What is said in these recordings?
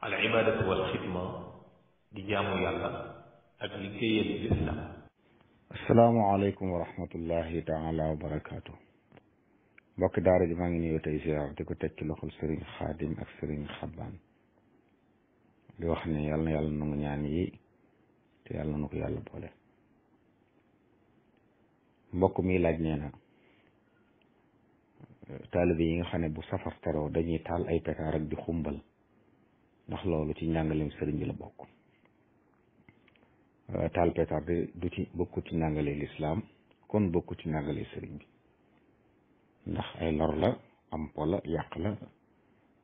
al ibaadatu wal xidma di jaamu yàlla ak liggéeyal lislaam asalaamaaleykum wa rahmatullahi taala wa barakaatu mbokki daara ji maa ngi nuyu tey ziar di ko teg ci loxol sëriñ xaadim ak sëriñ xabbaan di wax ne yàlla na yàlla nangu ñaan yi te yàlla na ko yàlla boole mbokk mi laaj nee na taalibe yi nga xam ne bu safar teroo dañuy taal ay pekaar ak di xumbal ndax loolu ci njàngaleem sëriñ bi la bokk euh, taal pétard du ci bokku ci njàngale lislaam kon bokku ci njàngale sëriñ bi ndax ay lor la am po la yàq la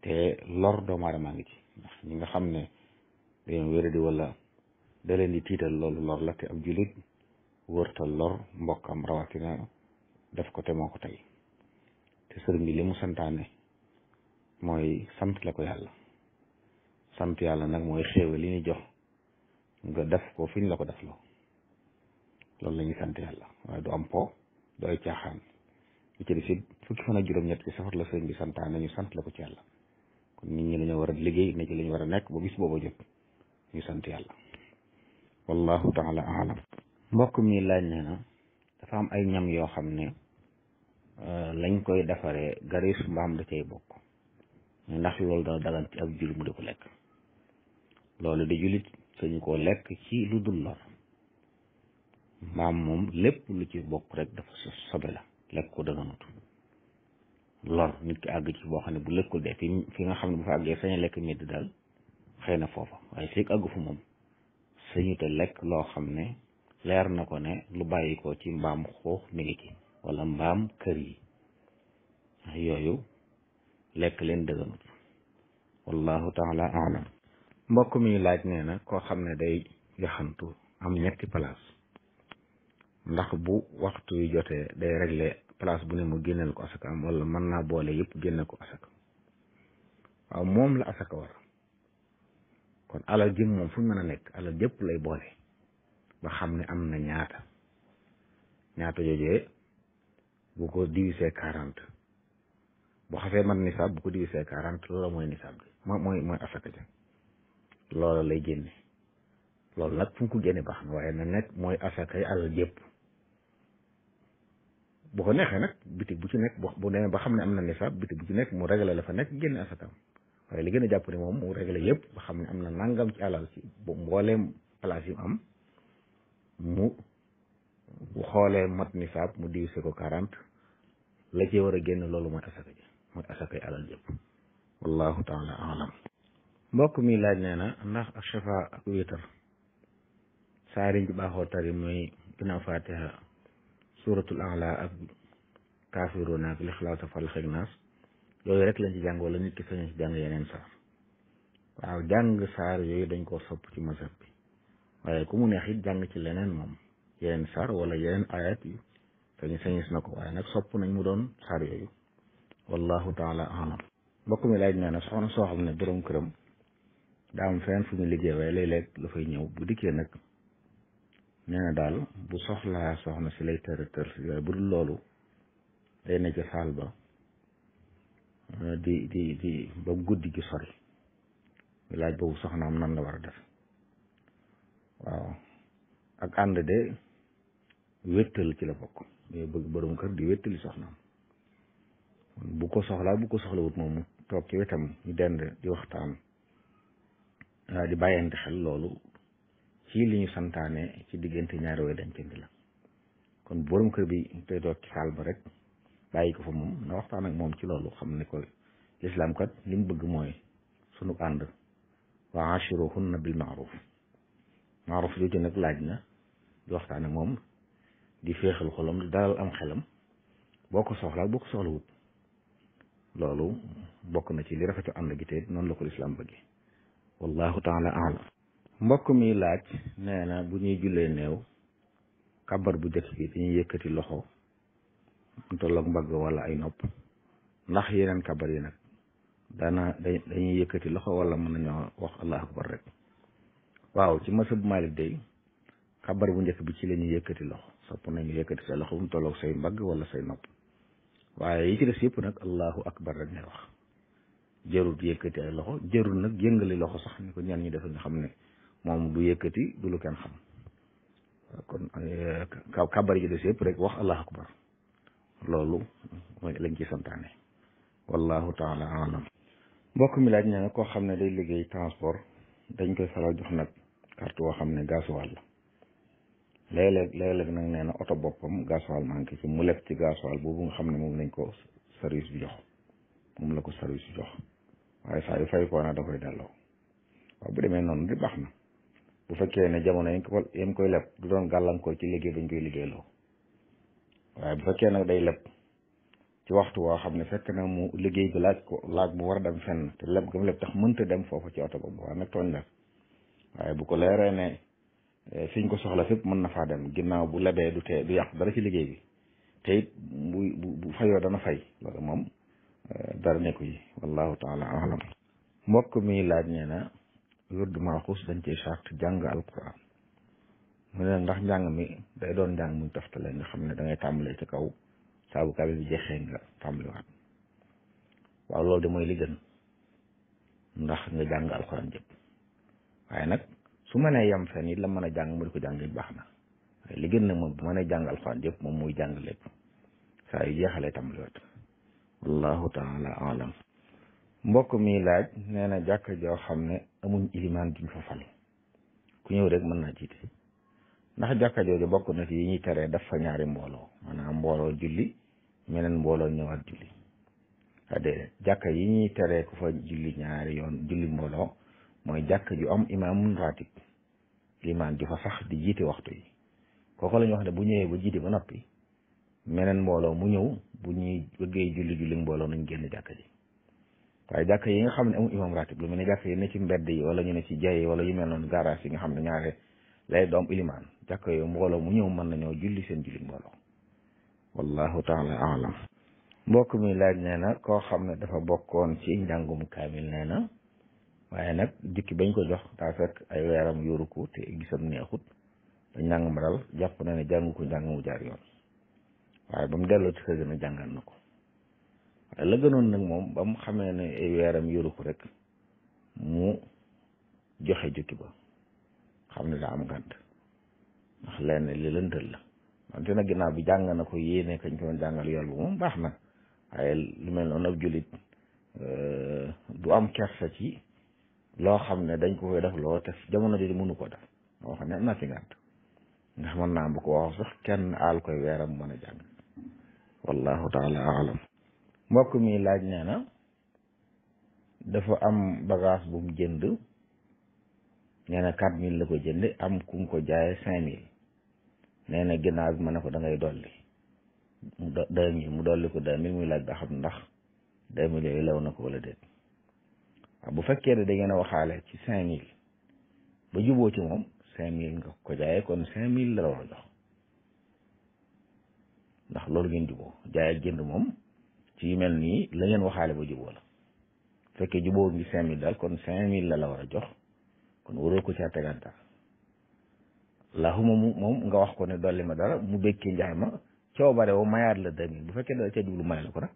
te lor doomu aadama ngi ci ndax ñi nga xam ne dañoo wéradi wala da leen di tiital loolu lor la te ab jullit wërtal lor mbokkam rawatina def ko te ko tey te sëriñ bi li mu santaane mooy sant la ko yàlla sant yàlla nag mooy xéewal li ñu jox nga def ko fi ñu la ko def loo loolu la ñuy sant yàlla waaye du am po du ay caaxaan li ci des fukki fan ak juróom-ñett ci safar la sëriñ bi santaane ñu sant la ko ci yàlla kon nit ñi dañoo war a liggéey ne ci la war a nekk ba bis booba jot ñu sant yàlla wallahu taala alam mbokk mi laaj nee na dafa am ay ñam yoo xam ne euh, lañ koy defaree garis mbaam da cay bokk ndax loolu dana dagan ci ab jur mu di ko lekk loolu di jullit sañu ko lekk ci lu dul lor maam moom lépp lu ci bokk rekk dafa sobe la lekk ko dëganut lor nit ki àgg ci boo xam ne bu lekkul dee fi fi nga ne bu fa àggee sañ a lekk medd daal xëy na foofa waaye fekk àggu fu moom sañu lekk loo xam ne leer na ko ne lu bàyyi ko ci mbaam xoox mi ngi ci mbaam kër yi yooyu lekk leen dëganut wallahu taala alam mbokk mi laaj nee na koo xam ne day yaxantu am ñetti place ndax bu waxtu yu jotee day régler place bu ne mu génneel ko asaka am wala mën naa boole yëpp génne ko asaka waaw moom la asaka war kon alal jëm moom fu mën a nekk alal jëpp lay boole ba xam ne am na ñaata ñaata joojee bu ko divisé quarante bu xasee man nisaab bu ko divisé quarante loola mooy nisaab bi mooy mooy asaka ja loola lay génne loolu nag fu mu ko génne baax na waaye na nekk mooy asakay alal jëpp bu ko neexee nag bitig bu ci nekk bu demee ba xam ne am na nisaab bitig bu ci nekk mu réglé dafa fa nekk génne asakam waaye li a jàpp moom mu réglé yëpp ba xam ne na nangam ci alal ci mbooleem place yi am mu bu xoolee mat nisaab mu divisé ko quarante la ci war a génn loolu mooy asaka ji mooy asakay alal jëpp wallahu taala alam mbokk mi laaj nee na ndax ak shafa ak wiitar saar yi ñu baaxoo tari mooy ginnaaw fatiha suratul a'la ak kaafiruuna ak lixlaas ak falaq ak naas yooyu rek lañ ci jàng wala nit ki sañu jàng yeneen saar waaw jàng saar yooyu dañ koo sopp ci mazhab bi waaye ku mu neex it jàng ci leneen moom yeneen saar wala yeneen ayat yi sañis na ko waaye nag sopp nañ mu doon saar yooyu wallahu taala alam mbokk mi laaj nee na soxna soo xam ne borom këram daa am fenn fu mu liggéey waaye léeg-léeg dafay ñëw bu dikkee nag nee na daal bu soxlaa soxna si lay tër si waaye bu dul loolu day ne ca saal ba eh, di di di ba guddi gi sori laaj boobu soxnaam nan la war a def waaw ak ànd de wéttal ci la bokk mais bëgg borom kër di wéttali soxnaam bu ko soxlaa bu ko soxla wut moom toog ci wetam ñu dend di waxtaan di bàyyante xel loolu ci li ñu santaane ci diggante ñaari way dencante la kon borom kër bi tey doog ci saal ba rek bàyyi ko fa moom na waxtaan ak moom ci loolu xam ne ko lislaam kat li mu bëgg mooy sunu ànd wa ashiruhunna bil maaruf maaruf jooju nag laaj na di waxtaan ak moom di féexal xolom di dalal am xelam boo ko soxlaa boo ko soxlawut loolu bokk na ci li rafetu ànd gi te noonu la ko lislaam bëggee wallahu taala alam mbokk mi laaj nee bu ñuy jullee neew kabar bu jëkk bi dañuy yëkkati loxo mu tolloog mbagg wala ay nopp ndax yeneen kabar yi nag daana dañuy yëkkati loxo wala mën nañoo wax allahu akbar rek waaw ci masa bu Maalik day kabar bu njëkk bi ci la ñuy yëkkati loxo sopp nañu yëkkati sa loxo bu mu tolloog say mbagg wala say nopp waaye yi ci des yëpp nag allahu akbar rek ngay wax jarut yëkkati ay loxo jarut nag yëngali loxo sax ni ko ñenn ñi defe nga xam ne moom du yëkkati du lu kenn xam kon eh, kaw kabar ji des yëpp rek wax allah akbar loolu lañ ci santaane wallahu taala alam mbokk mi laaj ñaa ne koo xam ne day liggéey transport dañ koy faral jox nag carte woo xam ne gasoil la léeg-léeg léeg-léeg nag nee oto boppam gasoil manqué ci mu leb ci gasoil boobu nga xam ne moom lañ ko service bi jox moom la ko service bi jox waaye saa yu fay koo na da koy delloo waaw bu demee noonu di baax na bu fekkee ne jamono yi ko yam koy leb du doon gàllankoor ci liggéey bañ koy liggéeyloo waaye bu fekkee nag day leb waxtu woo xam ne fekk na mu liggéey laaj ko laaj mu war a dem fen te leb gam leb tax mënta dem foofu ci oto boobu waaye nag tooñ la waaye bu ko leeree ne eh, fiñ ko soxla fépp mën na faa dem ginnaaw bu lebee du tee du yàq dara ci liggéey bi te it bu bu fayoo dana fay moom dara nekku yi wallahu taala alam mbokk mi laaj nee na wird xuus dañ ci sart jàng alquran mu ne ndax njàng mi day doon njàng muñ toftale nga xam ne da ngay ci kaw saabu kaamil bi jeexee nga tàmbaliwaat waaw loolu de mooy li gën ndax nga jàng alquran jëpp waaye nag su ma nee yem fenn it la mën a jàng mu di ko jàng it baax na li gën nag moom mën a jàng alquran jëpp moom muy jàng lépp saa yu jeexalee tàmbaliwaat allahu taala alam mbokk mi laaj nee na jàkka joo xam ne amuñ ilimaan duñ fa fal ku ñëw rek mën naa jiite ndax jàkka jooju bokk na ci yi ñuy teree daf fa ñaari mbooloo maanaam mbooloo julli meneen mbooloo ñëwaat julli yi ñuy teree fa julli ñaari yoon julli mooy jàkka ju am imaamun ratib limaan ju fa sax di jiite waxtu yi kooku la ñu wax ne bu ñëwee ba jiite ba noppi meneen mbooloo mu ñëw bu ñuy bëggee julli julli mbooloo nañ génn jàkka ji waaye jàkka yi nga xam ne amul imam ratib lu mel ne jàkka yi ne ci mbedd yi wala ñu ne ci jay wala yu mel noonu garage yi nga xam ne ñaare lay doom ilimaan jàkka mbooloo mu ñëw mën nañoo julli seen julli mbooloo wallahu taala alam mbokk mi laaj nee na koo xam ne dafa bokkoon ci njàngum kaamil nee na waaye nag jukki bañ ko jox daa fekk ay weeram yóoru ko te gisam neexut ba njàng ma dal jàpp na ne jàngu ko njàng mu jaar yoon waaye ba mu delloo ci kër gën a jàngal na ko waaye la gënoon nag moom ba mu xamee ne ay weeram yoru ko rek mu joxe jukki ba xam ne daa am gànt ndax lenn li lëntal la wante nag ginnaaw bi jàng na ko yéene kañ ko doon jàngal yool bu moom baax na waaye lu mel noonu ab jullit euh, du am kersa ci loo xam ne dañ ko koy def loo te jamono jooju mënu ko def moo xam ne am naa ci gànt ndax mën naa bu ko wax sax kenn aal koy weeram mën a jàng wallahu taala alam mbokk mi laaj nee na dafa am bagaas bu mu jënd nee na quatre mille la ko jënd am ku mu ko jaayee cinq mille nee na ginnaaw bi ma ne ko da ngay dolli mu do deux mu dolli ko deux mille muy laaj ba xam ndax deux mille yooyu law na ko wala déet waaw bu fekkee ne da ngeen a waxaale ci cinq mille ba juboo ci moom cinq mille nga ko jaayee kon cinq mille la la war a ndax loolu ngeen juboo jaay ak jënd moom ci yu mel nii la ngeen waxaale ba juboo la fekkee juboo ngi cinq kon cinq mille la la war a jox kon waroo ko caa teganta laxuma mu moom nga wax ko ne dolli ma dara mu békkee njaay ma coobare woo mayaat la deux bu fekkee dala ca jublu may la ko nag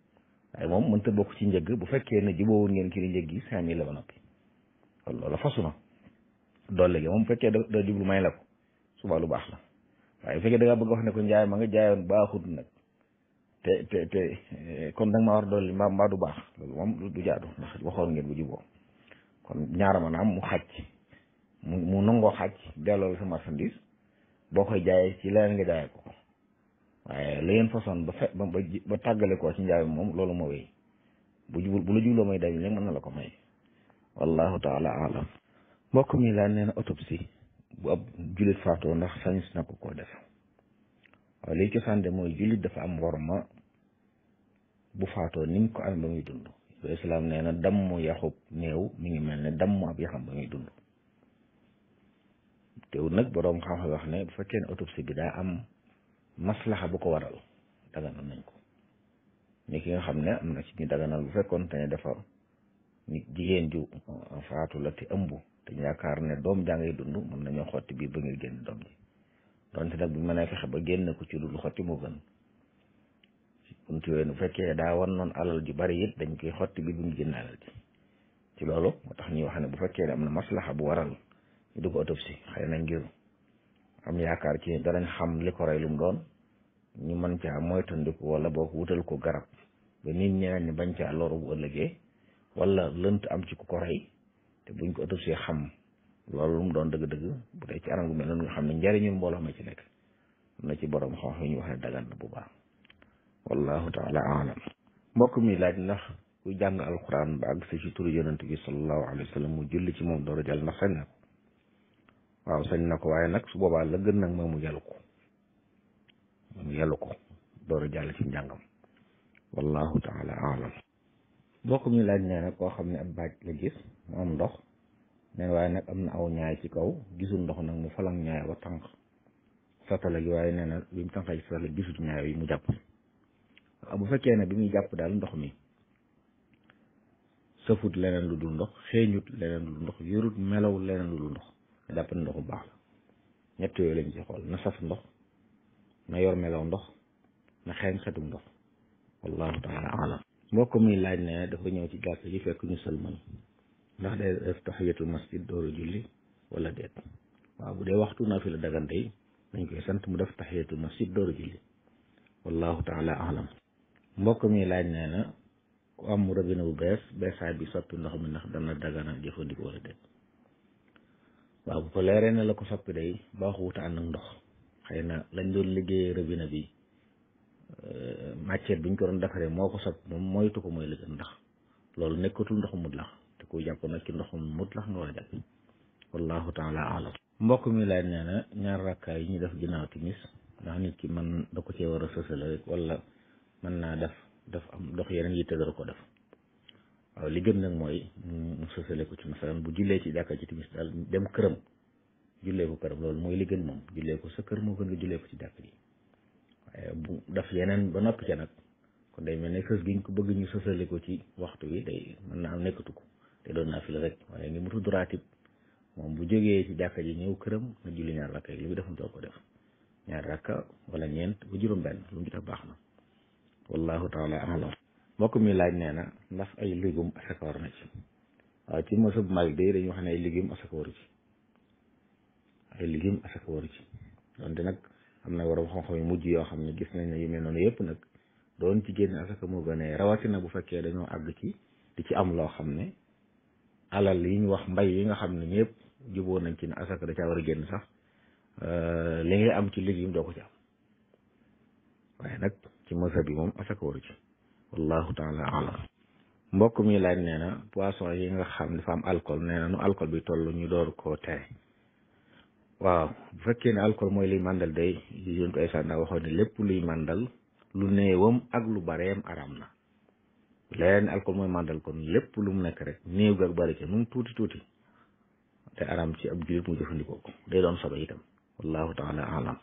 waaye moom mënta bokk ci njëgg bu fekkee ne juboo woon ngeen kii di njëg gi cinq mille la ba noppi kon la fasu na dolli gi moom bu fekkee da jublu may la ko suba lu baax la waaye fekkee da ngaa bëgg wax ne ko njaay ma nga jaayoon baaxut nag te te te eh, kon da nga war dolli mbaa mbaa du baax loolu moom du jaadu ndax waxoon ngeen bu juboo kon ñaara maanaam mu xàcc mu mu nangoo xàcc delloo sa marchandise boo koy jaayee ci leneen nga jaayee ko waaye la ngeen façon ba tàggale ko ci njaay moom loolu moo wéy bu jubul bu la jubloo may day léegi mën na la ko may wallahu taala alam mbokk mi laa nee na autopsie bu ab jullit faatoo ndax sañis na ko koo def waaw liy cosaan de mooy jullit dafa am worma bu faatoo niñ ko amee ba muy dund ba islaam nee na dammu yaxub néew mi ngi mel ne damm ab yaxam ba muy dund teewul nag boroom xam-xam wax ne bu fekkee ne autopsie bi daa am maslaxa bu ko waral daganal nañ ko ni ki nga xam ne am na ci ñu daganal bu fekkoon te ne dafa nit jigéen ju faatu la te ëmb te yaakaar ne doom jàngay dund mën nañoo xotti biir ba ngir génn doom ji donte nag bu ñu mënee fexe ba génn ko ci dul xotti moo gën bu fekkee daa wan noon alal ju bari it dañ koy xotti bi bu ñu génn alal ji ci loolu moo tax ñuy wax ne bu fekkee ne am na maslaxa bu waral ñu di ko autopsie xëy na ngir am yaakaar ci danañ xam li ko doon ñu mën caa moytandiku wala boo ko wutal ko garab ba nit ñeneen ñi bañ caa loru bu ëllëgee wala lënt am ci ku ko rey te buñ ko autopsie xam loolu lu mu doon dëgg-dëgg bu dee ci anam gu mel noonu nga xam ne njariñul mbooloo ma ci nekk na ci borom xam ñu wax ne dagan na bu baax wallahu taala alam mbokk mi laaj ndax ku jàng alquran ba àgg si ci turu yonent bi sallallahu mu julli ci moom door a na ko waaw sañ na ko waaye nag su boobaa la gën nag mooy mu yàllu ko mu yàllu ko door a jàll ci njàngam wallahu taala alam mbokk mi laaj nee na koo xam ne ab baaj la gis mu am ndox neen waaye nag am na aw ñaay ci kaw gisul ndox nag mu falang ñaay wa tànq satala waaye nee na bi mu tànqee ci satala gisul ñaay yi mu jàpp bu fekkee ne bi muy jàpp daal ndox mi sëfut leneen lu dul ndox xeeñut leneen lu dul ndox yorut melow leneen lu dul ndox jàpp ndox ndoxu baax la ñett yooyu lañ ci xool na saf ndox na yor melaw ndox na xeeñ xetum ndox wallahu taala alam mbokk mi laaj ne dafa ñëw ci jàkk ji fekk ñu sëlmal ndax day def tahiyatul masjid dooru julli wala déet waaw bu dee waxtu naa fi la dagante yi dañ koy sant mu def tahiyatul masjid dooru julli wallahu taala alam mbokk mi laaj nee na ku am robinet bu bees beesaay bi sotti ndox mi ndax dana dagana jëfandikoo wala déet waaw bu ko leeree ne la ko soppi day baaxuwuta ànd ak ndox xëy na lañ doon liggéeyee robinet bi matière bi ñu ko doon defaree moo ko sot moom moytu ko mooy la gën ndax loolu nekkatul ndoxu mut lax te ku jàpp nag ci ndoxu mut lax nga war a jàpp wallahu taala alam mbokk mi laaj nee na ñaar yi ñu def ginnaaw timis ndax nit ki man da ko cee war a sësal rek wala mën naa def daf am ndox yeneen yitte dara ko def waaw li gën nag mooy mu sësale ko ci masalan bu jullee ci jàkka ci timis daal dem këram jullee ko këram loolu mooy li gën moom jullee ko sa kër moo gën nga jullee ko ci jàkka ji def yeneen ba noppi ca nag kon day mel ne sës giñ ko bëgg ñu sësale ko ci waxtu wi day mën na am nekkatu ko te doon naa fi rek waaye ngi mu tudd raatib moom bu jógee ci jàkka ji ñëw këram nga julli ñaar rakka yi lu mu def mu ko def ñaar rakka walla ñeent ba juróom-benn lu mu ci def baax na wallahu taala alam mbokk mi laaj nee na ndax ay légume asaka war na ci waaw ci masab Maalik day dañu wax ne ay légume asaka waru ci ay légume asaka am na waroom xam-xam yu mujj yoo xam ne gis nañ ne yu mel noonu yëpp nag doon ci génn asaka moo gën a rawatina bu fekkee dañoo àgg ci di ci am loo xam ne alal yi ñu wax mbay yi nga xam ne ñëpp juboo nañ ci ne asaka da caa war a génn sax euh, li ngay am ci légume doo ko ci am waaye nag ci masa bi moom asaka waru ci wallahu taala alam mbokk mi laaj nee na yi nga xam dafa am alcool nee na nu alcool bi toll ñu door koo tere waaw bu fekkee ne alcool mooy liy màndal day yéen ko instant daa waxoon ne lépp luy mandal lu néewam ak lu bareem araam na leen alcool mooy màndal kon lépp lu mu nekk rek néew gi ak bari ca nu mu tuuti tuuti te araam ci ab jullit mu jëfandikoo ko day doon sobe itam wallahu taala alam